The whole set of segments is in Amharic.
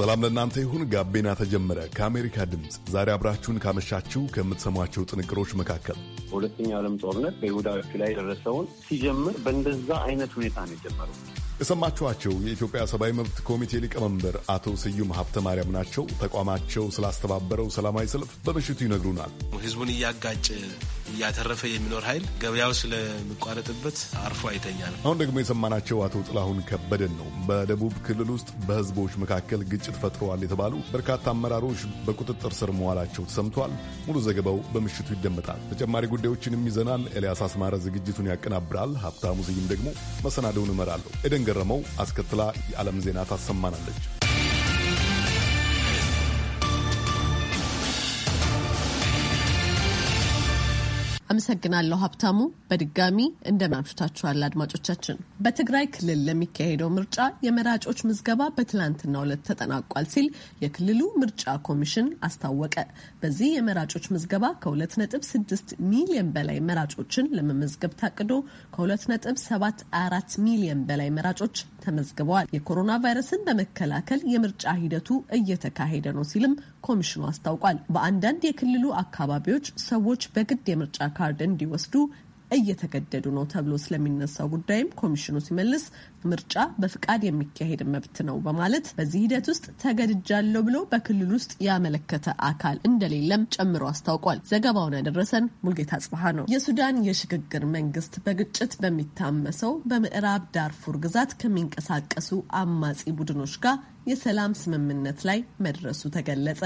ሰላም ለእናንተ ይሁን። ጋቢና ተጀመረ ከአሜሪካ ድምፅ። ዛሬ አብራችሁን ካመሻችሁ ከምትሰሟቸው ጥንቅሮች መካከል በሁለተኛው ዓለም ጦርነት በይሁዳዎቹ ላይ የደረሰውን ሲጀምር በእንደዛ አይነት ሁኔታ ነው የጀመረው። የሰማችኋቸው የኢትዮጵያ ሰብአዊ መብት ኮሚቴ ሊቀመንበር አቶ ስዩም ሀብተ ማርያም ናቸው። ተቋማቸው ስላስተባበረው ሰላማዊ ሰልፍ በምሽቱ ይነግሩናል። ህዝቡን እያጋጭ እያተረፈ የሚኖር ኃይል ገበያው ስለሚቋረጥበት አርፎ አይተኛም። አሁን ደግሞ የሰማናቸው አቶ ጥላሁን ከበደን ነው። በደቡብ ክልል ውስጥ በህዝቦች መካከል ግጭት ፈጥረዋል የተባሉ በርካታ አመራሮች በቁጥጥር ስር መዋላቸው ተሰምቷል። ሙሉ ዘገባው በምሽቱ ይደመጣል። ተጨማሪ ጉዳዮችንም ይዘናል። ኤልያስ አስማረ ዝግጅቱን ያቀናብራል። ሀብታሙ ስዩም ደግሞ መሰናደውን እመራለሁ። ኤደን ገረመው አስከትላ የዓለም ዜና ታሰማናለች። አመሰግናለሁ ሀብታሙ። በድጋሚ እንደምናምሽታችኋል አድማጮቻችን። በትግራይ ክልል ለሚካሄደው ምርጫ የመራጮች ምዝገባ በትላንትናው ዕለት ተጠናቋል ሲል የክልሉ ምርጫ ኮሚሽን አስታወቀ። በዚህ የመራጮች ምዝገባ ከ2.6 ሚሊዮን በላይ መራጮችን ለመመዝገብ ታቅዶ ከ2.74 ሚሊዮን በላይ መራጮች ተመዝግበዋል። የኮሮና ቫይረስን በመከላከል የምርጫ ሂደቱ እየተካሄደ ነው ሲልም ኮሚሽኑ አስታውቋል። በአንዳንድ የክልሉ አካባቢዎች ሰዎች በግድ የምርጫ ካርድ እንዲወስዱ እየተገደዱ ነው ተብሎ ስለሚነሳው ጉዳይም ኮሚሽኑ ሲመልስ ምርጫ በፍቃድ የሚካሄድ መብት ነው በማለት በዚህ ሂደት ውስጥ ተገድጃለሁ ብሎ በክልል ውስጥ ያመለከተ አካል እንደሌለም ጨምሮ አስታውቋል። ዘገባውን ያደረሰን ሙልጌታ ጽበሀ ነው። የሱዳን የሽግግር መንግስት በግጭት በሚታመሰው በምዕራብ ዳርፉር ግዛት ከሚንቀሳቀሱ አማጺ ቡድኖች ጋር የሰላም ስምምነት ላይ መድረሱ ተገለጸ።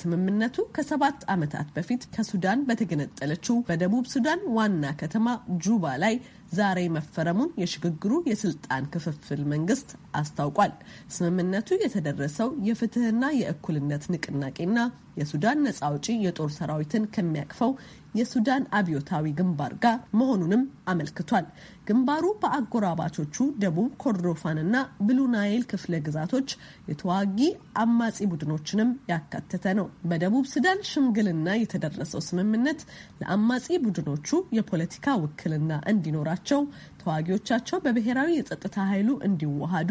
ስምምነቱ ከሰባት ዓመታት በፊት ከሱዳን በተገነጠለችው በደቡብ ሱዳን ዋና ከተማ ጁባ ላይ ዛሬ መፈረሙን የሽግግሩ የስልጣን ክፍፍል መንግስት አስታውቋል። ስምምነቱ የተደረሰው የፍትህና የእኩልነት ንቅናቄና የሱዳን ነጻ አውጪ የጦር ሰራዊትን ከሚያቅፈው የሱዳን አብዮታዊ ግንባር ጋር መሆኑንም አመልክቷል። ግንባሩ በአጎራባቾቹ ደቡብ ኮርዶፋንና ብሉናይል ክፍለ ግዛቶች የተዋጊ አማጺ ቡድኖችንም ያካተተ ነው። በደቡብ ሱዳን ሽምግልና የተደረሰው ስምምነት ለአማጺ ቡድኖቹ የፖለቲካ ውክልና እንዲኖራቸው ተዋጊዎቻቸው በብሔራዊ የጸጥታ ኃይሉ እንዲዋሃዱ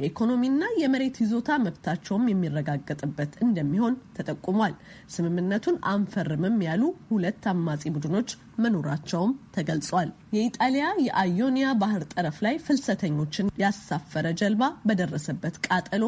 የኢኮኖሚና የመሬት ይዞታ መብታቸውም የሚረጋገጥበት እንደሚሆን ተጠቁሟል። ስምምነቱን አንፈርምም ያሉ ሁለት አማጺ ቡድኖች መኖራቸውም ተገልጿል። የኢጣሊያ የአዮኒያ ባህር ጠረፍ ላይ ፍልሰተኞችን ያሳፈረ ጀልባ በደረሰበት ቃጠሎ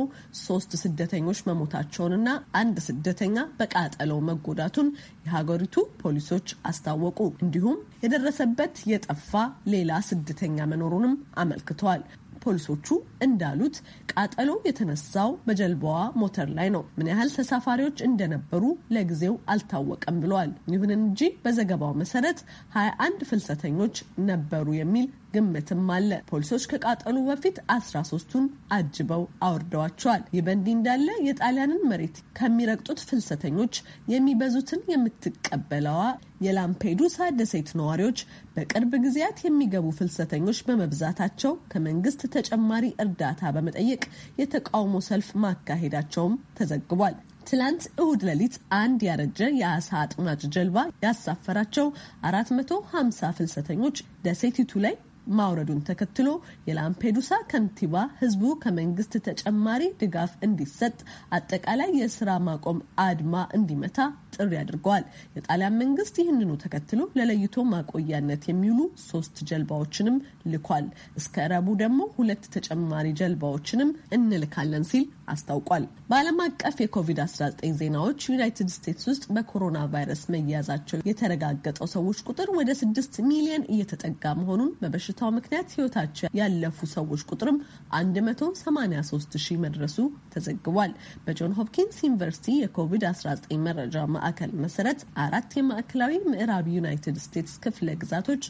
ሶስት ስደተኞች መሞታቸውንና አንድ ስደተኛ በቃጠሎው መጎዳቱን የሀገሪቱ ፖሊሶች አስታወቁ። እንዲሁም የደረሰበት የጠፋ ሌላ ስደተኛ መኖሩንም አመልክተዋል። ፖሊሶቹ እንዳሉት ቃጠሎ የተነሳው በጀልባዋ ሞተር ላይ ነው። ምን ያህል ተሳፋሪዎች እንደነበሩ ለጊዜው አልታወቀም ብለዋል። ይሁን እንጂ በዘገባው መሰረት 21 ፍልሰተኞች ነበሩ የሚል ግምትም አለ። ፖሊሶች ከቃጠሉ በፊት አስራ ሶስቱን አጅበው አውርደዋቸዋል። ይህ በእንዲህ እንዳለ የጣሊያንን መሬት ከሚረግጡት ፍልሰተኞች የሚበዙትን የምትቀበለዋ የላምፔዱሳ ደሴት ነዋሪዎች በቅርብ ጊዜያት የሚገቡ ፍልሰተኞች በመብዛታቸው ከመንግስት ተጨማሪ እርዳታ በመጠየቅ የተቃውሞ ሰልፍ ማካሄዳቸውም ተዘግቧል። ትላንት እሁድ ሌሊት አንድ ያረጀ የአሳ አጥማጅ ጀልባ ያሳፈራቸው 450 ፍልሰተኞች ደሴቲቱ ላይ ማውረዱን ተከትሎ የላምፔዱሳ ከንቲባ ህዝቡ ከመንግስት ተጨማሪ ድጋፍ እንዲሰጥ አጠቃላይ የስራ ማቆም አድማ እንዲመታ ጥሪ አድርገዋል። የጣሊያን መንግስት ይህንኑ ተከትሎ ለለይቶ ማቆያነት የሚውሉ ሶስት ጀልባዎችንም ልኳል። እስከ ረቡ ደግሞ ሁለት ተጨማሪ ጀልባዎችንም እንልካለን ሲል አስታውቋል። በዓለም አቀፍ የኮቪድ-19 ዜናዎች ዩናይትድ ስቴትስ ውስጥ በኮሮና ቫይረስ መያዛቸው የተረጋገጠው ሰዎች ቁጥር ወደ ስድስት ሚሊዮን እየተጠጋ መሆኑን በበሽታ በበሽታው ምክንያት ህይወታቸው ያለፉ ሰዎች ቁጥርም 183 ሺህ መድረሱ ተዘግቧል። በጆን ሆፕኪንስ ዩኒቨርሲቲ የኮቪድ-19 መረጃ ማዕከል መሰረት አራት የማዕከላዊ ምዕራብ ዩናይትድ ስቴትስ ክፍለ ግዛቶች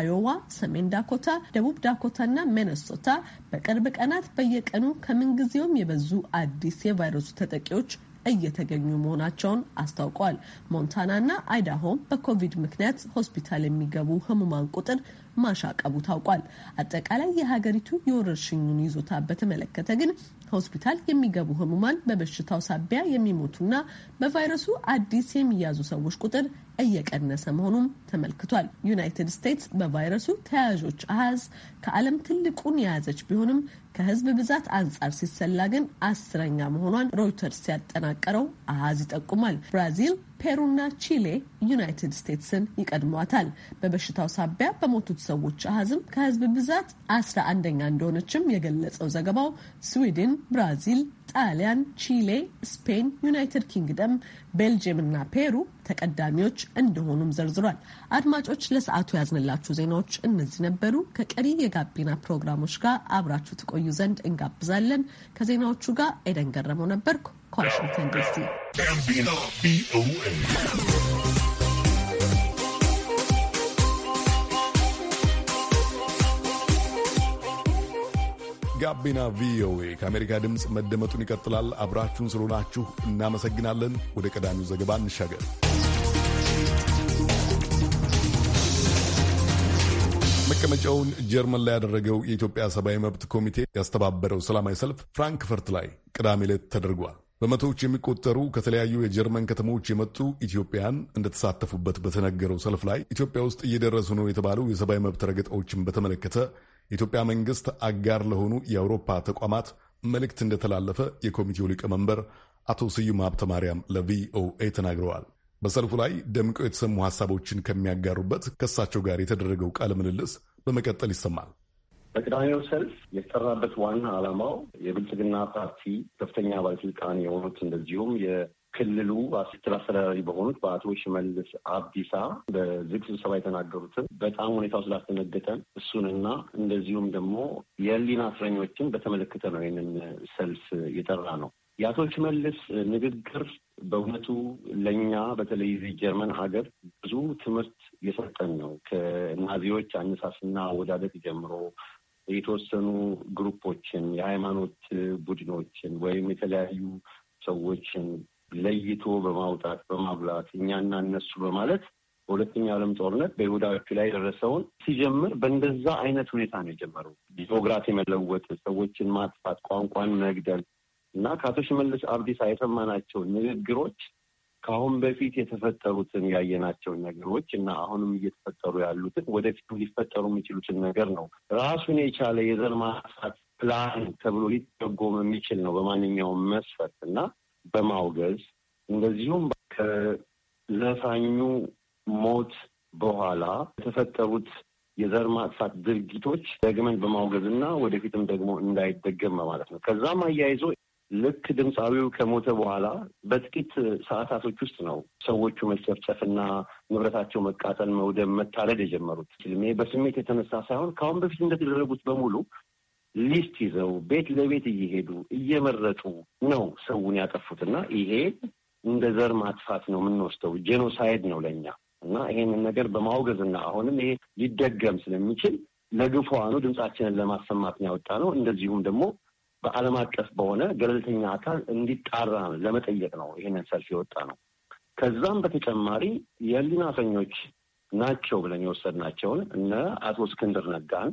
አዮዋ፣ ሰሜን ዳኮታ፣ ደቡብ ዳኮታ እና ሚነሶታ በቅርብ ቀናት በየቀኑ ከምንጊዜውም የበዙ አዲስ የቫይረሱ ተጠቂዎች እየተገኙ መሆናቸውን አስታውቋል። ሞንታና እና አይዳሆም በኮቪድ ምክንያት ሆስፒታል የሚገቡ ህሙማን ቁጥር ማሻቀቡ ታውቋል። አጠቃላይ የሀገሪቱ የወረርሽኙን ይዞታ በተመለከተ ግን ሆስፒታል የሚገቡ ህሙማን በበሽታው ሳቢያ የሚሞቱና በቫይረሱ አዲስ የሚያዙ ሰዎች ቁጥር እየቀነሰ መሆኑም ተመልክቷል። ዩናይትድ ስቴትስ በቫይረሱ ተያያዦች አሃዝ ከዓለም ትልቁን የያዘች ቢሆንም ከህዝብ ብዛት አንጻር ሲሰላ ግን አስረኛ መሆኗን ሮይተርስ ያጠናቀረው አሃዝ ይጠቁማል። ብራዚል፣ ፔሩና ቺሌ ዩናይትድ ስቴትስን ይቀድሟታል። በበሽታው ሳቢያ በሞቱት ሰዎች አሃዝም ከህዝብ ብዛት አስራ አንደኛ እንደሆነችም የገለጸው ዘገባው ስዊድን፣ ብራዚል ጣሊያን፣ ቺሌ፣ ስፔን፣ ዩናይትድ ኪንግደም፣ ቤልጅየም እና ፔሩ ተቀዳሚዎች እንደሆኑም ዘርዝሯል። አድማጮች ለሰዓቱ ያዝንላችሁ ዜናዎች እነዚህ ነበሩ። ከቀሪ የጋቢና ፕሮግራሞች ጋር አብራችሁ ትቆዩ ዘንድ እንጋብዛለን። ከዜናዎቹ ጋር ኤደን ገረመው ነበርኩ ከዋሽንግተን ዲሲ። ጋቢና ቪኦኤ ከአሜሪካ ድምፅ መደመጡን ይቀጥላል። አብራችሁን ስለሆናችሁ እናመሰግናለን። ወደ ቀዳሚው ዘገባ እንሻገር። መቀመጫውን ጀርመን ላይ ያደረገው የኢትዮጵያ ሰብአዊ መብት ኮሚቴ ያስተባበረው ሰላማዊ ሰልፍ ፍራንክፈርት ላይ ቅዳሜ ዕለት ተደርጓል። በመቶዎች የሚቆጠሩ ከተለያዩ የጀርመን ከተሞች የመጡ ኢትዮጵያን እንደተሳተፉበት በተነገረው ሰልፍ ላይ ኢትዮጵያ ውስጥ እየደረሱ ነው የተባሉ የሰብአዊ መብት ረገጣዎችን በተመለከተ የኢትዮጵያ መንግስት አጋር ለሆኑ የአውሮፓ ተቋማት መልእክት እንደተላለፈ የኮሚቴው ሊቀመንበር አቶ ስዩም ሀብተ ማርያም ለቪኦኤ ተናግረዋል። በሰልፉ ላይ ደምቀው የተሰሙ ሀሳቦችን ከሚያጋሩበት ከእሳቸው ጋር የተደረገው ቃለ ምልልስ በመቀጠል ይሰማል። በቅዳሜው ሰልፍ የተጠራበት ዋና ዓላማው የብልጽግና ፓርቲ ከፍተኛ ባለስልጣን የሆኑት እንደዚሁም ክልሉ ስራ አስተዳዳሪ በሆኑት በአቶ ሽመልስ አብዲሳ በዝግ ስብሰባ የተናገሩትን በጣም ሁኔታው ስላስደነገጠን እሱንና እንደዚሁም ደግሞ የህሊና እስረኞችን በተመለከተ ነው ይህንን ሰልፍ የጠራ ነው። የአቶ ሽመልስ ንግግር በእውነቱ ለእኛ በተለይ እዚህ ጀርመን ሀገር ብዙ ትምህርት የሰጠን ነው። ከናዚዎች አነሳስና አወዳደቅ ጀምሮ የተወሰኑ ግሩፖችን፣ የሃይማኖት ቡድኖችን ወይም የተለያዩ ሰዎችን ለይቶ በማውጣት በማብላት እኛና እነሱ በማለት በሁለተኛ ዓለም ጦርነት በይሁዳዎቹ ላይ የደረሰውን ሲጀምር በእንደዛ አይነት ሁኔታ ነው የጀመረው። ጂኦግራፊ መለወጥ፣ ሰዎችን ማጥፋት፣ ቋንቋን መግደል እና ከአቶ ሽመልስ አብዲሳ የሰማናቸውን ንግግሮች ከአሁን በፊት የተፈጠሩትን ያየናቸውን ነገሮች እና አሁንም እየተፈጠሩ ያሉትን ወደፊት ሊፈጠሩ የሚችሉትን ነገር ነው ራሱን የቻለ የዘር ማጥፋት ፕላን ተብሎ ሊተጎም የሚችል ነው በማንኛውም መስፈርት እና በማውገዝ እንደዚሁም ከዘፋኙ ሞት በኋላ የተፈጠሩት የዘር ማጥፋት ድርጊቶች ደግመን በማውገዝ እና ወደፊትም ደግሞ እንዳይደገም ማለት ነው። ከዛም አያይዞ ልክ ድምፃዊው ከሞተ በኋላ በጥቂት ሰዓታቶች ውስጥ ነው ሰዎቹ መጨፍጨፍና ንብረታቸው መቃጠል፣ መውደም፣ መታረድ የጀመሩት። በስሜት የተነሳ ሳይሆን ከአሁን በፊት እንደተደረጉት በሙሉ ሊስት ይዘው ቤት ለቤት እየሄዱ እየመረጡ ነው ሰውን ያጠፉትና ይሄ እንደ ዘር ማጥፋት ነው የምንወስደው። ጄኖሳይድ ነው ለእኛ እና ይሄንን ነገር በማውገዝና አሁንም ይሄ ሊደገም ስለሚችል ለግፏኑ ድምፃችንን ለማሰማት ነው ያወጣ ነው። እንደዚሁም ደግሞ በዓለም አቀፍ በሆነ ገለልተኛ አካል እንዲጣራ ለመጠየቅ ነው ይሄንን ሰልፍ የወጣ ነው። ከዛም በተጨማሪ የህሊና እስረኞች ናቸው ብለን የወሰድናቸውን እነ አቶ እስክንድር ነጋን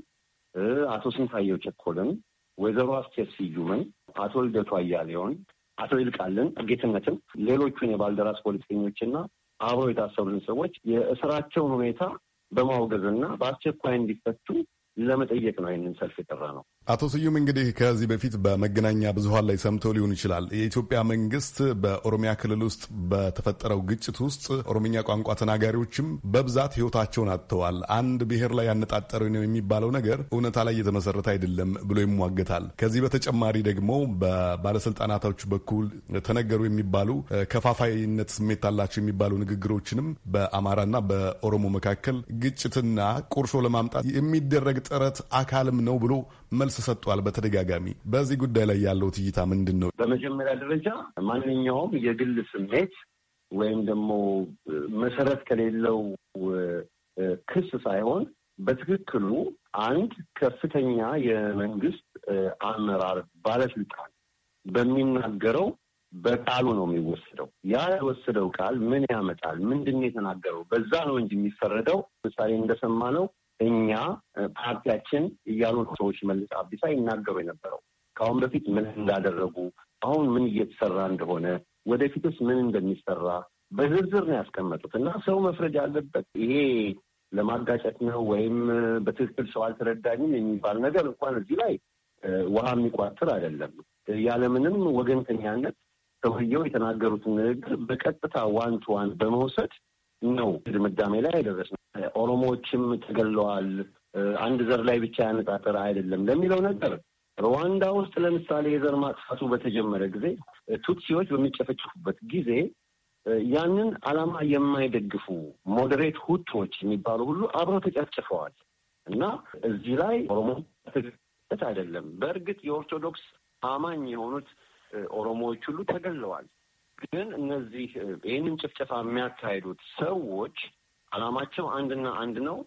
አቶ ስንታየው ቸኮልን፣ ወይዘሮ አስቴር ስዩምን፣ አቶ ልደቱ አያሌውን፣ አቶ ይልቃልን ጌትነትን፣ ሌሎቹን የባልደራስ ፖለቲከኞችና አብረው የታሰሩትን ሰዎች የእስራቸውን ሁኔታ በማውገዝና በአስቸኳይ እንዲፈቱ ለመጠየቅ ነው ይህንን ሰልፍ የጠራ ነው። አቶ ስዩም እንግዲህ ከዚህ በፊት በመገናኛ ብዙኃን ላይ ሰምቶ ሊሆን ይችላል። የኢትዮጵያ መንግስት በኦሮሚያ ክልል ውስጥ በተፈጠረው ግጭት ውስጥ ኦሮምኛ ቋንቋ ተናጋሪዎችም በብዛት ሕይወታቸውን አጥተዋል። አንድ ብሔር ላይ ያነጣጠረው ነው የሚባለው ነገር እውነታ ላይ የተመሰረተ አይደለም ብሎ ይሟገታል። ከዚህ በተጨማሪ ደግሞ በባለስልጣናቶች በኩል ተነገሩ የሚባሉ ከፋፋይነት ስሜት አላቸው የሚባሉ ንግግሮችንም በአማራና በኦሮሞ መካከል ግጭትና ቁርሾ ለማምጣት የሚደረግ ጥረት አካልም ነው ብሎ መልስ ሰጥቷል በተደጋጋሚ። በዚህ ጉዳይ ላይ ያለው እይታ ምንድን ነው? በመጀመሪያ ደረጃ ማንኛውም የግል ስሜት ወይም ደግሞ መሰረት ከሌለው ክስ ሳይሆን በትክክሉ አንድ ከፍተኛ የመንግስት አመራር ባለስልጣን በሚናገረው በቃሉ ነው የሚወሰደው። ያ የወሰደው ቃል ምን ያመጣል? ምንድን የተናገረው? በዛ ነው እንጂ የሚፈረደው። ምሳሌ ነው እኛ ፓርቲያችን እያሉ ሰዎች መልስ አብዲሳ ይናገሩ የነበረው ከአሁን በፊት ምን እንዳደረጉ፣ አሁን ምን እየተሰራ እንደሆነ፣ ወደፊትስ ምን እንደሚሰራ በዝርዝር ነው ያስቀመጡት እና ሰው መፍረድ ያለበት ይሄ ለማጋጨት ነው ወይም በትክክል ሰው አልተረዳኝም የሚባል ነገር እንኳን እዚህ ላይ ውሃ የሚቋጥር አይደለም። ያለምንም ወገንተኛነት ሰውየው የተናገሩትን ንግግር በቀጥታ ዋን ቱ ዋን በመውሰድ ነው ድምዳሜ ላይ የደረስነው። ኦሮሞዎችም ተገለዋል፣ አንድ ዘር ላይ ብቻ ያነጣጠረ አይደለም ለሚለው ነገር ሩዋንዳ ውስጥ ለምሳሌ የዘር ማጥፋቱ በተጀመረ ጊዜ ቱትሲዎች በሚጨፈጭፉበት ጊዜ ያንን ዓላማ የማይደግፉ ሞዴሬት ሁቶች የሚባሉ ሁሉ አብረው ተጨፍጭፈዋል እና እዚህ ላይ ኦሮሞ አይደለም። በእርግጥ የኦርቶዶክስ አማኝ የሆኑት ኦሮሞዎች ሁሉ ተገለዋል። ግን እነዚህ ይህንን ጭፍጨፋ የሚያካሂዱት ሰዎች አላማቸው አንድና አንድ ነው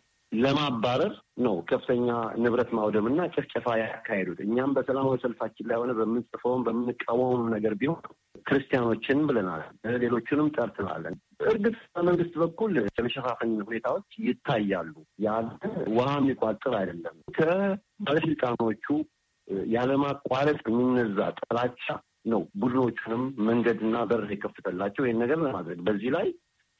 ለማባረር ነው። ከፍተኛ ንብረት ማውደምና ጭፍጨፋ ያካሄዱት እኛም በሰላማዊ ሰልፋችን ላይ ሆነ በምንጽፈውም በምንቃወሙም ነገር ቢሆን ክርስቲያኖችን ብለናል፣ ሌሎቹንም ጠርትናለን። እርግጥ በመንግስት በኩል የመሸፋፈን ሁኔታዎች ይታያሉ። ያለ ውሃ የሚቋጥር አይደለም። ከባለስልጣኖቹ ያለማቋረጥ የሚነዛ ጥላቻ ነው ቡድኖቹንም መንገድና በር የከፍተላቸው ይህን ነገር ለማድረግ በዚህ ላይ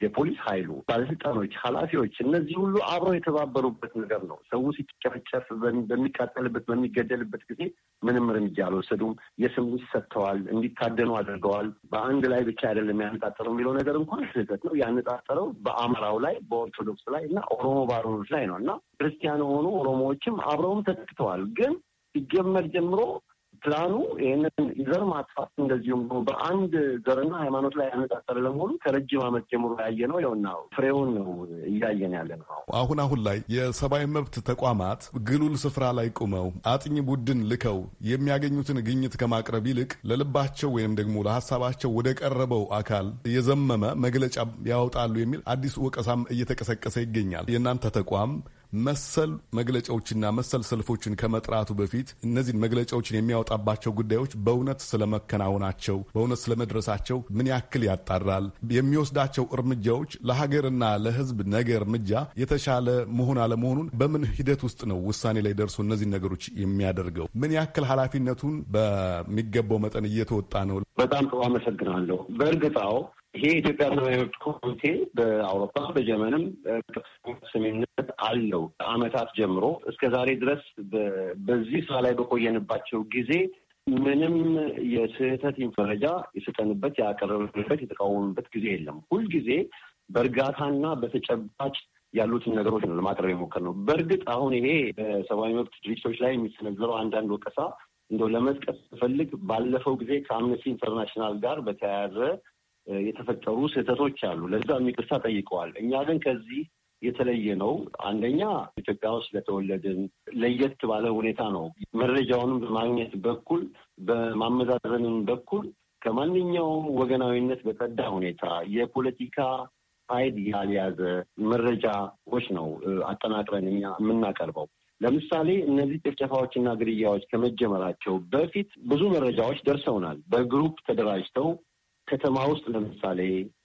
የፖሊስ ኃይሉ ባለስልጣኖች፣ ኃላፊዎች እነዚህ ሁሉ አብረው የተባበሩበት ነገር ነው። ሰው ሲጨፈጨፍ፣ በሚቃጠልበት በሚገደልበት ጊዜ ምንም እርምጃ አልወሰዱም። የስም ውስጥ ሰጥተዋል፣ እንዲታደኑ አድርገዋል። በአንድ ላይ ብቻ አይደለም ያነጣጠረው የሚለው ነገር እንኳን ስህተት ነው። ያነጣጠረው በአማራው ላይ በኦርቶዶክስ ላይ እና ኦሮሞ ባሮኖች ላይ ነው እና ክርስቲያን የሆኑ ኦሮሞዎችም አብረውም ተጠቅተዋል። ግን ሲጀመር ጀምሮ ፕላኑ ይህንን ዘር ማጥፋት እንደዚሁም በአንድ ዘርና ሃይማኖት ላይ ያነጣጠረ ለመሆኑ ከረጅም ዓመት ጀምሮ ያየ ነው። ይኸውና ፍሬውን ነው እያየን ያለ ነው። አሁን አሁን ላይ የሰብአዊ መብት ተቋማት ግሉል ስፍራ ላይ ቁመው አጥኚ ቡድን ልከው የሚያገኙትን ግኝት ከማቅረብ ይልቅ ለልባቸው ወይም ደግሞ ለሀሳባቸው ወደ ቀረበው አካል የዘመመ መግለጫ ያወጣሉ የሚል አዲስ ወቀሳም እየተቀሰቀሰ ይገኛል። የእናንተ ተቋም መሰል መግለጫዎችና መሰል ሰልፎችን ከመጥራቱ በፊት እነዚህን መግለጫዎችን የሚያወጣባቸው ጉዳዮች በእውነት ስለመከናወናቸው በእውነት ስለመድረሳቸው ምን ያክል ያጣራል? የሚወስዳቸው እርምጃዎች ለሀገርና ለሕዝብ ነገ እርምጃ የተሻለ መሆን አለመሆኑን በምን ሂደት ውስጥ ነው ውሳኔ ላይ ደርሶ እነዚህን ነገሮች የሚያደርገው? ምን ያክል ኃላፊነቱን በሚገባው መጠን እየተወጣ ነው? በጣም ጥሩ አመሰግናለሁ። በእርግጣው ይሄ የኢትዮጵያ ሰብአዊ መብት ኮሚቴ በአውሮፓ በጀመንም ተሰሚነት አለው። ከአመታት ጀምሮ እስከ ዛሬ ድረስ በዚህ ስራ ላይ በቆየንባቸው ጊዜ ምንም የስህተት መረጃ የሰጠንበት፣ ያቀረብንበት፣ የተቃወምበት ጊዜ የለም። ሁልጊዜ በእርጋታና በተጨባጭ ያሉትን ነገሮች ነው ለማቅረብ ነው በእርግጥ አሁን ይሄ በሰብአዊ መብት ድርጅቶች ላይ የሚሰነዘረው አንዳንድ ወቀሳ እንደው ለመጥቀስ ስፈልግ ባለፈው ጊዜ ከአምነስቲ ኢንተርናሽናል ጋር በተያያዘ የተፈጠሩ ስህተቶች አሉ። ለዛ ይቅርታ ጠይቀዋል። እኛ ግን ከዚህ የተለየ ነው። አንደኛ ኢትዮጵያ ውስጥ ለተወለድን ለየት ባለ ሁኔታ ነው። መረጃውንም በማግኘት በኩል በማመዛዘንም በኩል ከማንኛውም ወገናዊነት በጸዳ ሁኔታ የፖለቲካ ሀይል ያልያዘ መረጃዎች ነው አጠናቅረን እኛ የምናቀርበው። ለምሳሌ እነዚህ ጭፍጨፋዎችና ግድያዎች ከመጀመራቸው በፊት ብዙ መረጃዎች ደርሰውናል። በግሩፕ ተደራጅተው ከተማ ውስጥ ለምሳሌ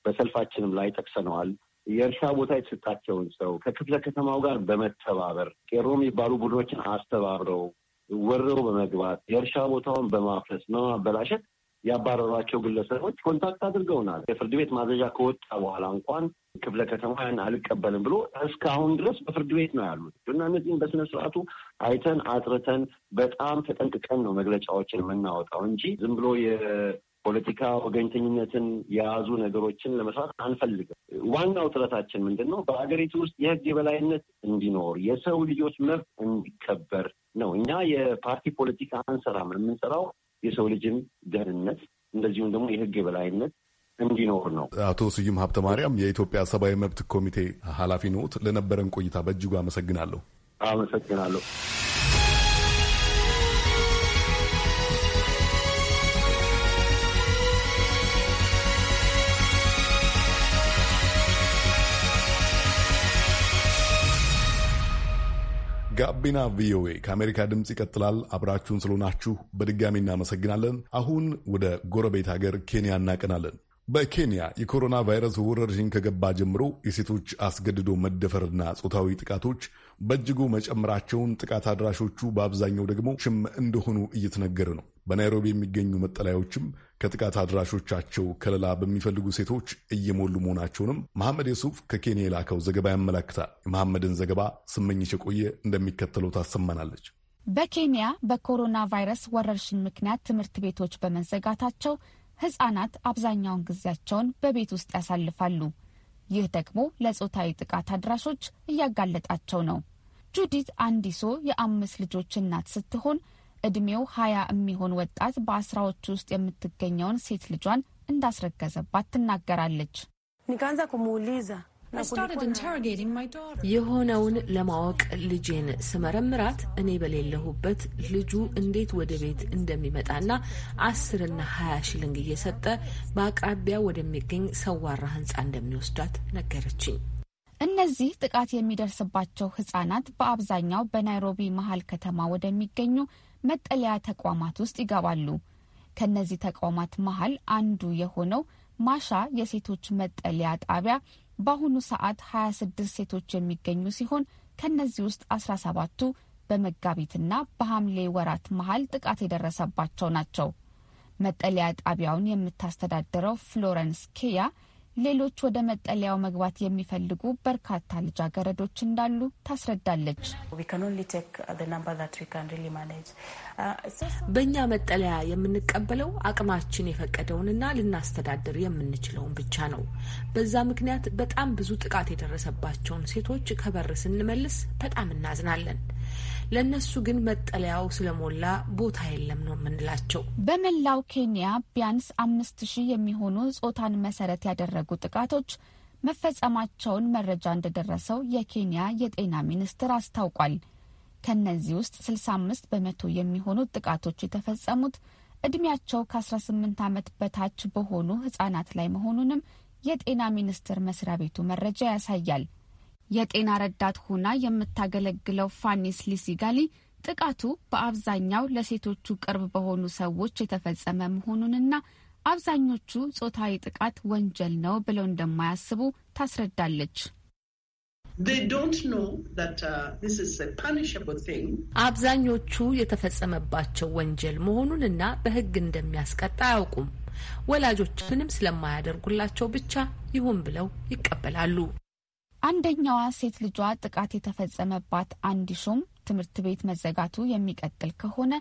በሰልፋችንም ላይ ጠቅሰነዋል። የእርሻ ቦታ የተሰጣቸውን ሰው ከክፍለ ከተማው ጋር በመተባበር ቄሮ የሚባሉ ቡድኖችን አስተባብረው ወረው በመግባት የእርሻ ቦታውን በማፍረስ በማበላሸት ያባረሯቸው ግለሰቦች ኮንታክት አድርገውናል። የፍርድ ቤት ማዘዣ ከወጣ በኋላ እንኳን ክፍለ ያን አልቀበልም ብሎ እስካሁን ድረስ በፍርድ ቤት ነው ያሉት እና እነዚህም በስነ ስርዓቱ አይተን አጥርተን በጣም ተጠንቅቀን ነው መግለጫዎችን የምናወጣው እንጂ ዝም ብሎ ፖለቲካ ወገኝተኝነትን የያዙ ነገሮችን ለመስራት አንፈልግም። ዋናው ጥረታችን ምንድን ነው? በሀገሪቱ ውስጥ የህግ የበላይነት እንዲኖር የሰው ልጆች መብት እንዲከበር ነው። እኛ የፓርቲ ፖለቲካ አንሰራም። የምንሰራው የሰው ልጅን ደህንነት እንደዚሁም ደግሞ የህግ የበላይነት እንዲኖር ነው። አቶ ስዩም ሀብተ ማርያም የኢትዮጵያ ሰብአዊ መብት ኮሚቴ ኃላፊ ኖት፣ ለነበረን ቆይታ በእጅጉ አመሰግናለሁ። አመሰግናለሁ። ጋቢና ቪኦኤ ከአሜሪካ ድምፅ ይቀጥላል። አብራችሁን ስለሆናችሁ በድጋሚ እናመሰግናለን። አሁን ወደ ጎረቤት ሀገር ኬንያ እናቀናለን። በኬንያ የኮሮና ቫይረስ ወረርሽኝ ከገባ ጀምሮ የሴቶች አስገድዶ መደፈርና ጾታዊ ጥቃቶች በእጅጉ መጨመራቸውን ጥቃት አድራሾቹ በአብዛኛው ደግሞ ሽም እንደሆኑ እየተነገረ ነው። በናይሮቢ የሚገኙ መጠለያዎችም ከጥቃት አድራሾቻቸው ከለላ በሚፈልጉ ሴቶች እየሞሉ መሆናቸውንም መሐመድ የሱፍ ከኬንያ የላከው ዘገባ ያመላክታል። የመሐመድን ዘገባ ስመኝሽ የቆየ እንደሚከተለው ታሰማናለች። በኬንያ በኮሮና ቫይረስ ወረርሽኝ ምክንያት ትምህርት ቤቶች በመዘጋታቸው ህጻናት አብዛኛውን ጊዜያቸውን በቤት ውስጥ ያሳልፋሉ። ይህ ደግሞ ለጾታዊ ጥቃት አድራሾች እያጋለጣቸው ነው። ጁዲት አንዲሶ የአምስት ልጆች እናት ስትሆን እድሜው ሀያ የሚሆን ወጣት በአስራዎቹ ውስጥ የምትገኘውን ሴት ልጇን እንዳስረገዘባት ትናገራለች። ኒካንዛ ኩሙሊዛ የሆነውን ለማወቅ ልጄን ስመረምራት እኔ በሌለሁበት ልጁ እንዴት ወደ ቤት እንደሚመጣና አስርና ሀያ ሽልንግ እየሰጠ በአቅራቢያ ወደሚገኝ ሰዋራ ህንፃ እንደሚወስዳት ነገረችኝ። እነዚህ ጥቃት የሚደርስባቸው ህጻናት በአብዛኛው በናይሮቢ መሀል ከተማ ወደሚገኙ መጠለያ ተቋማት ውስጥ ይገባሉ። ከእነዚህ ተቋማት መሀል አንዱ የሆነው ማሻ የሴቶች መጠለያ ጣቢያ በአሁኑ ሰዓት 26 ሴቶች የሚገኙ ሲሆን ከእነዚህ ውስጥ 17ቱ በመጋቢትና በሐምሌ ወራት መሀል ጥቃት የደረሰባቸው ናቸው። መጠለያ ጣቢያውን የምታስተዳድረው ፍሎረንስ ኬያ ሌሎች ወደ መጠለያው መግባት የሚፈልጉ በርካታ ልጃገረዶች እንዳሉ ታስረዳለች። በእኛ መጠለያ የምንቀበለው አቅማችን የፈቀደውንና ልናስተዳድር የምንችለውን ብቻ ነው። በዛ ምክንያት በጣም ብዙ ጥቃት የደረሰባቸውን ሴቶች ከበር ስንመልስ በጣም እናዝናለን። ለእነሱ ግን መጠለያው ስለሞላ ቦታ የለም ነው የምንላቸው። በመላው ኬንያ ቢያንስ አምስት ሺህ የሚሆኑ ጾታን መሰረት ያደረጉ ጥቃቶች መፈጸማቸውን መረጃ እንደደረሰው የኬንያ የጤና ሚኒስቴር አስታውቋል። ከነዚህ ውስጥ 65 በመቶ የሚሆኑ ጥቃቶች የተፈጸሙት ዕድሜያቸው ከ18 ዓመት በታች በሆኑ ህጻናት ላይ መሆኑንም የጤና ሚኒስቴር መስሪያ ቤቱ መረጃ ያሳያል። የጤና ረዳት ሆና የምታገለግለው ፋኒስ ሊሲጋሊ ጥቃቱ በአብዛኛው ለሴቶቹ ቅርብ በሆኑ ሰዎች የተፈጸመ መሆኑንና አብዛኞቹ ጾታዊ ጥቃት ወንጀል ነው ብለው እንደማያስቡ ታስረዳለች። Uh, አብዛኞቹ የተፈጸመባቸው ወንጀል መሆኑን እና በሕግ እንደሚያስቀጣ አያውቁም። ወላጆች ምንም ስለማያደርጉላቸው ብቻ ይሁን ብለው ይቀበላሉ። አንደኛዋ ሴት ልጇ ጥቃት የተፈጸመባት አንድ ሹም ትምህርት ቤት መዘጋቱ የሚቀጥል ከሆነ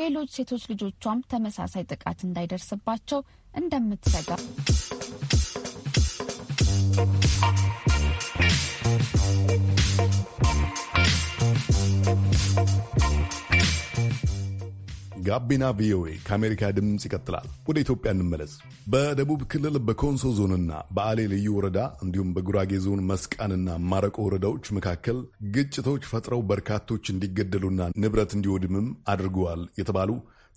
ሌሎች ሴቶች ልጆቿም ተመሳሳይ ጥቃት እንዳይደርስባቸው እንደምትሰጋ ጋቢና ቪኦኤ ከአሜሪካ ድምፅ ይቀጥላል። ወደ ኢትዮጵያ እንመለስ። በደቡብ ክልል በኮንሶ ዞንና በአሌ ልዩ ወረዳ እንዲሁም በጉራጌ ዞን መስቃንና ማረቆ ወረዳዎች መካከል ግጭቶች ፈጥረው በርካቶች እንዲገደሉና ንብረት እንዲወድምም አድርገዋል የተባሉ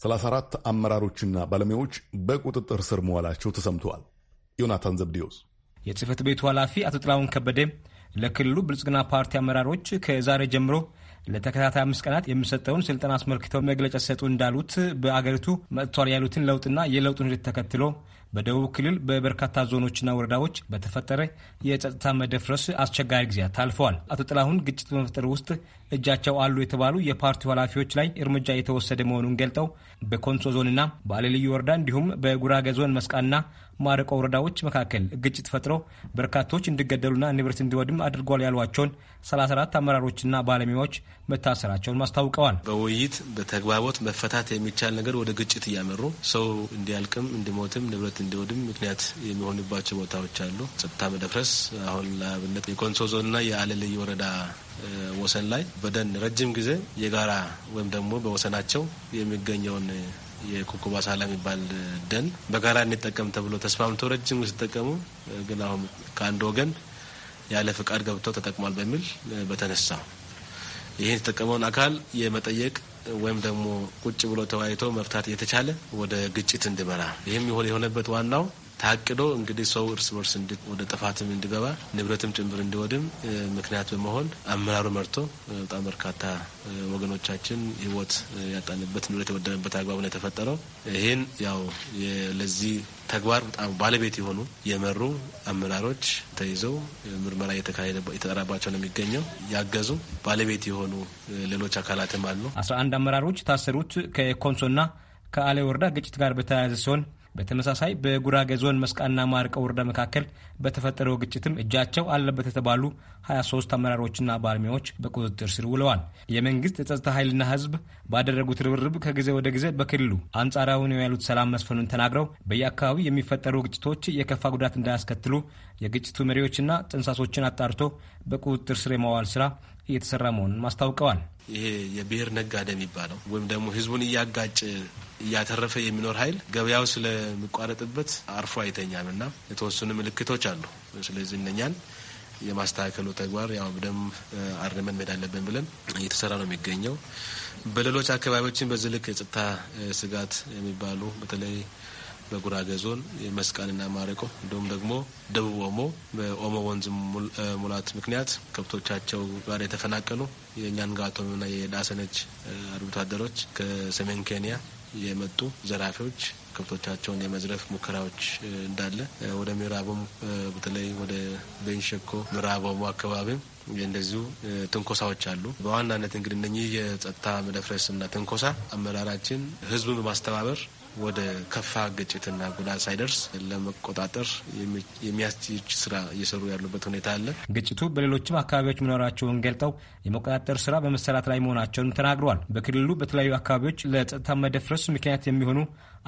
34 አመራሮችና ባለሙያዎች በቁጥጥር ስር መዋላቸው ተሰምተዋል። ዮናታን ዘብዴዎስ የጽህፈት ቤቱ ኃላፊ አቶ ጥላሁን ከበደ ለክልሉ ብልጽግና ፓርቲ አመራሮች ከዛሬ ጀምሮ ለተከታታይ አምስት ቀናት የሚሰጠውን ስልጠና አስመልክተው መግለጫ ሲሰጡ እንዳሉት በአገሪቱ መጥቷል ያሉትን ለውጥና የለውጡን ሂደት ተከትሎ በደቡብ ክልል በበርካታ ዞኖችና ወረዳዎች በተፈጠረ የጸጥታ መደፍረስ አስቸጋሪ ጊዜያት አልፈዋል። አቶ ጥላሁን ግጭት በመፍጠር ውስጥ እጃቸው አሉ የተባሉ የፓርቲው ኃላፊዎች ላይ እርምጃ የተወሰደ መሆኑን ገልጠው በኮንሶ ዞንና በአለልዩ ወረዳ እንዲሁም በጉራጌ ዞን መስቃንና ማረቆ ወረዳዎች መካከል ግጭት ፈጥሮ በርካቶች እንዲገደሉና ንብረት እንዲወድም አድርጓል ያሏቸውን 34 አመራሮችና ባለሙያዎች መታሰራቸውን ማስታውቀዋል በውይይት በተግባቦት መፈታት የሚቻል ነገር ወደ ግጭት እያመሩ ሰው እንዲያልቅም እንዲሞትም ንብረት እንዲወድም ምክንያት የሚሆንባቸው ቦታዎች አሉ። ጸጥታ መደፍረስ አሁን ለአብነት የኮንሶ ዞንና የአለል ወረዳ ወሰን ላይ በደን ረጅም ጊዜ የጋራ ወይም ደግሞ በወሰናቸው የሚገኘውን የኮኮባ አሳላ የሚባል ደን በጋራ እንጠቀም ተብሎ ተስማምቶ ረጅም ሲጠቀሙ ግን አሁን ከአንድ ወገን ያለ ፍቃድ ገብተው ተጠቅሟል በሚል በተነሳ ይህን የተጠቀመውን አካል የመጠየቅ ወይም ደግሞ ቁጭ ብሎ ተወያይቶ መፍታት እየተቻለ ወደ ግጭት እንዲመራ ይህም የሆነበት ዋናው ታቅዶ እንግዲህ ሰው እርስ በርስ ወደ ጥፋትም እንዲገባ ንብረትም ጭምር እንዲወድም ምክንያት በመሆን አመራሩ መርቶ በጣም በርካታ ወገኖቻችን ህይወት ያጣንበት ንብረት የወደመበት አግባብ ነው የተፈጠረው። ይህን ያው ለዚህ ተግባር በጣም ባለቤት የሆኑ የመሩ አመራሮች ተይዘው ምርመራ የተጠራባቸው ነው የሚገኘው። ያገዙ ባለቤት የሆኑ ሌሎች አካላትም አሉ። አስራ አንድ አመራሮች ታሰሩት ከኮንሶና ከአሌ ወረዳ ግጭት ጋር በተያያዘ ሲሆን በተመሳሳይ በጉራጌ ዞን መስቃንና ማርቀ ወረዳ መካከል በተፈጠረው ግጭትም እጃቸው አለበት የተባሉ 23 አመራሮችና ባለሙያዎች በቁጥጥር ስር ውለዋል። የመንግስት የጸጥታ ኃይልና ህዝብ ባደረጉት ርብርብ ከጊዜ ወደ ጊዜ በክልሉ አንጻራዊ ነው ያሉት ሰላም መስፈኑን ተናግረው በየአካባቢው የሚፈጠሩ ግጭቶች የከፋ ጉዳት እንዳያስከትሉ የግጭቱ መሪዎችና ጥንሳሶችን አጣርቶ በቁጥጥር ስር የማዋል ስራ እየተሰራ መሆኑን አስታውቀዋል። ይሄ የብሔር ነጋዴ የሚባለው ወይም ደግሞ ህዝቡን እያጋጭ እያተረፈ የሚኖር ኃይል ገበያው ስለሚቋረጥበት አርፎ አይተኛም እና የተወሰኑ ምልክቶች አሉ። ስለዚህ እነኛን የማስተካከሉ ተግባር ያው በደንብ አርመን መሄድ አለብን ብለን እየተሰራ ነው የሚገኘው። በሌሎች አካባቢዎችን በዚህ ልክ የጸጥታ ስጋት የሚባሉ በተለይ በጉራጌ ዞን መስቃንና ማረቆ እንዲሁም ደግሞ ደቡብ ኦሞ በኦሞ ወንዝ ሙላት ምክንያት ከብቶቻቸው ጋር የተፈናቀሉ የኛንጋቶም ና የዳሰነች አርብቶ አደሮች ከሰሜን ኬንያ የመጡ ዘራፊዎች ከብቶቻቸውን የመዝረፍ ሙከራዎች እንዳለ ወደ ምዕራቡም በተለይ ወደ ቤንሸኮ ምዕራባሙ አካባቢም እንደዚሁ ትንኮሳዎች አሉ። በዋናነት እንግዲህ እነኚህ የጸጥታ መደፍረስና ትንኮሳ አመራራችን ህዝቡን በማስተባበር ወደ ከፋ ግጭትና ጉዳት ሳይደርስ ለመቆጣጠር የሚያስችል ስራ እየሰሩ ያሉበት ሁኔታ አለ። ግጭቱ በሌሎችም አካባቢዎች መኖራቸውን ገልጠው የመቆጣጠር ስራ በመሰራት ላይ መሆናቸውን ተናግረዋል። በክልሉ በተለያዩ አካባቢዎች ለጸጥታ መደፍረሱ ምክንያት የሚሆኑ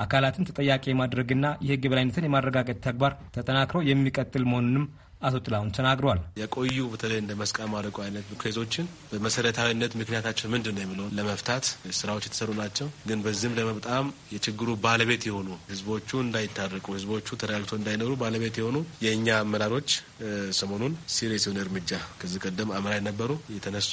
አካላትን ተጠያቂ የማድረግና የህግ የበላይነትን የማረጋገጥ ተግባር ተጠናክረው የሚቀጥል መሆኑንም አቶ ጥላሁን ተናግሯል። የቆዩ በተለይ እንደ መስቃ ማረቆ አይነት ኬዞችን በመሰረታዊነት ምክንያታቸው ምንድን ነው የሚለውን ለመፍታት ስራዎች የተሰሩ ናቸው። ግን በዚህም ለመምጣም የችግሩ ባለቤት የሆኑ ህዝቦቹ እንዳይታረቁ፣ ህዝቦቹ ተረጋግቶ እንዳይኖሩ ባለቤት የሆኑ የእኛ አመራሮች ሰሞኑን ሲሪየስ የሆነ እርምጃ ከዚህ ቀደም አመራር ነበሩ የተነሱ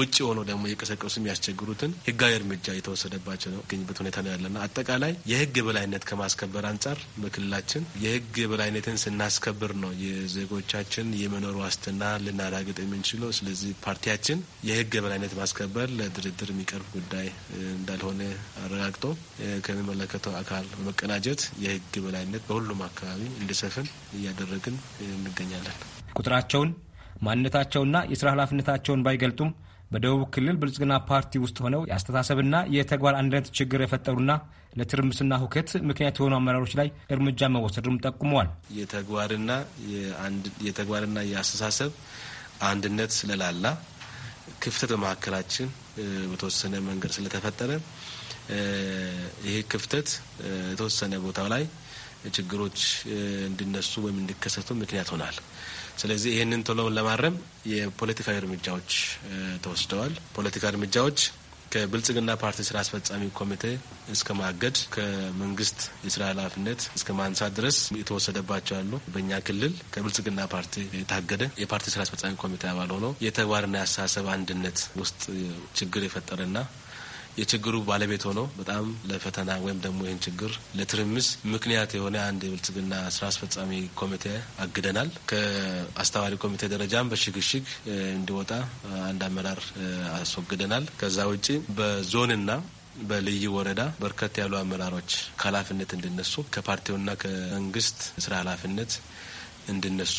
ውጭ ሆኖ ደግሞ የቀሰቀሱ የሚያስቸግሩትን ህጋዊ እርምጃ የተወሰደባቸው ነው ገኝበት ሁኔታ ነው ያለና አጠቃላይ የህግ የበላይነት ከማስከበር አንጻር በክልላችን የህግ የበላይነትን ስናስከብር ነው የዜጎ ህዝቦቻችን የመኖር ዋስትና ልናረጋግጥ የምንችለው። ስለዚህ ፓርቲያችን የህግ የበላይነት ማስከበር ለድርድር የሚቀርብ ጉዳይ እንዳልሆነ አረጋግጦ ከሚመለከተው አካል በመቀናጀት የህግ የበላይነት በሁሉም አካባቢ እንዲሰፍን እያደረግን እንገኛለን። ቁጥራቸውን ማንነታቸውና የስራ ኃላፊነታቸውን ባይገልጡም በደቡብ ክልል ብልጽግና ፓርቲ ውስጥ ሆነው የአስተሳሰብና የተግባር አንድነት ችግር የፈጠሩና ለትርምስና ሁከት ምክንያት የሆኑ አመራሮች ላይ እርምጃ መወሰድም ጠቁመዋል። የተግባርና የአስተሳሰብ አንድነት ስለላላ ክፍተት በመካከላችን በተወሰነ መንገድ ስለተፈጠረ ይህ ክፍተት የተወሰነ ቦታ ላይ ችግሮች እንዲነሱ ወይም እንዲከሰቱ ምክንያት ሆናል። ስለዚህ ይህንን ቶሎ ለማረም የፖለቲካዊ እርምጃዎች ተወስደዋል። ፖለቲካ እርምጃዎች ከብልጽግና ፓርቲ ስራ አስፈጻሚ ኮሚቴ እስከ ማገድ ከመንግስት የስራ ኃላፊነት እስከ ማንሳት ድረስ የተወሰደባቸው ያሉ በእኛ ክልል ከብልጽግና ፓርቲ የታገደ የፓርቲ ስራ አስፈጻሚ ኮሚቴ አባል ሆኖ የተግባርና የአስተሳሰብ አንድነት ውስጥ ችግር የፈጠረና የችግሩ ባለቤት ሆኖ በጣም ለፈተና ወይም ደግሞ ይህን ችግር ለትርምስ ምክንያት የሆነ አንድ የብልጽግና ስራ አስፈጻሚ ኮሚቴ አግደናል። ከአስተባባሪ ኮሚቴ ደረጃም በሽግሽግ እንዲወጣ አንድ አመራር አስወግደናል። ከዛ ውጭ በዞንና በልዩ ወረዳ በርከት ያሉ አመራሮች ከኃላፊነት እንዲነሱ ከፓርቲውና ከመንግስት ስራ ኃላፊነት እንድነሱ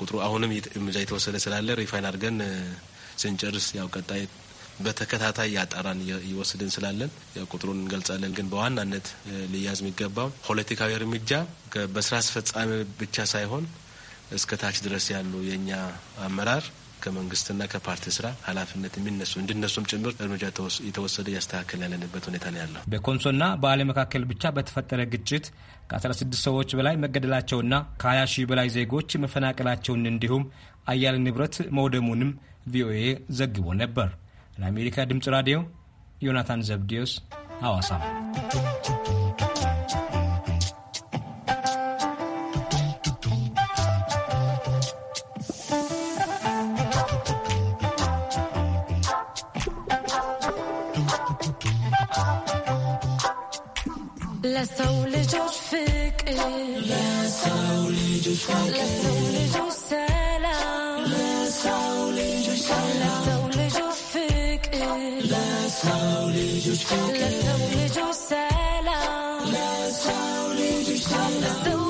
ቁጥሩ አሁንም እርምጃ የተወሰደ ስላለ ሪፋይን አድርገን ስንጨርስ ያው ቀጣይ በተከታታይ ያጠራን ይወስድን ስላለን ቁጥሩን እንገልጻለን። ግን በዋናነት ሊያዝ የሚገባው ፖለቲካዊ እርምጃ በስራ አስፈጻሚ ብቻ ሳይሆን እስከ ታች ድረስ ያሉ የእኛ አመራር ከመንግስትና ከፓርቲ ስራ ኃላፊነት የሚነሱ እንዲነሱም ጭምር እርምጃ የተወሰደ እያስተካከል ያለንበት ሁኔታ ነው ያለው። በኮንሶና በአለ መካከል ብቻ በተፈጠረ ግጭት ከ16 ሰዎች በላይ መገደላቸውና ከ20 ሺህ በላይ ዜጎች መፈናቀላቸውን እንዲሁም አያሌ ንብረት መውደሙንም ቪኦኤ ዘግቦ ነበር። ለአሜሪካ ድምፅ ራዲዮ ዮናታን ዘብዴዎስ ሐዋሳ jusqu'au cœur. Le saoul est du salam. Le saoul du salam.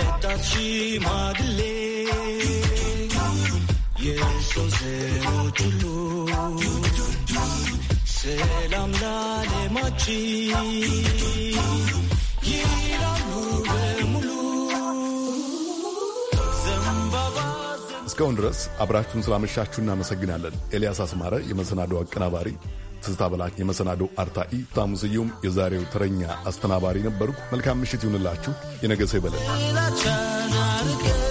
የወጣት ሽማግሌ የሰው ዜጎች ሁሉ ሰላም ላለማችን ይላሉ በሙሉ። እስካሁን ድረስ አብራችሁን ስላመሻችሁ እናመሰግናለን። ኤልያስ አስማረ የመሰናዶ አቀናባሪ ትዝታ በላክ የመሰናዶ አርታኢ ታሙ ስዩም የዛሬው ተረኛ አስተናባሪ ነበርኩ። መልካም ምሽት ይሁንላችሁ። የነገሰ ሰው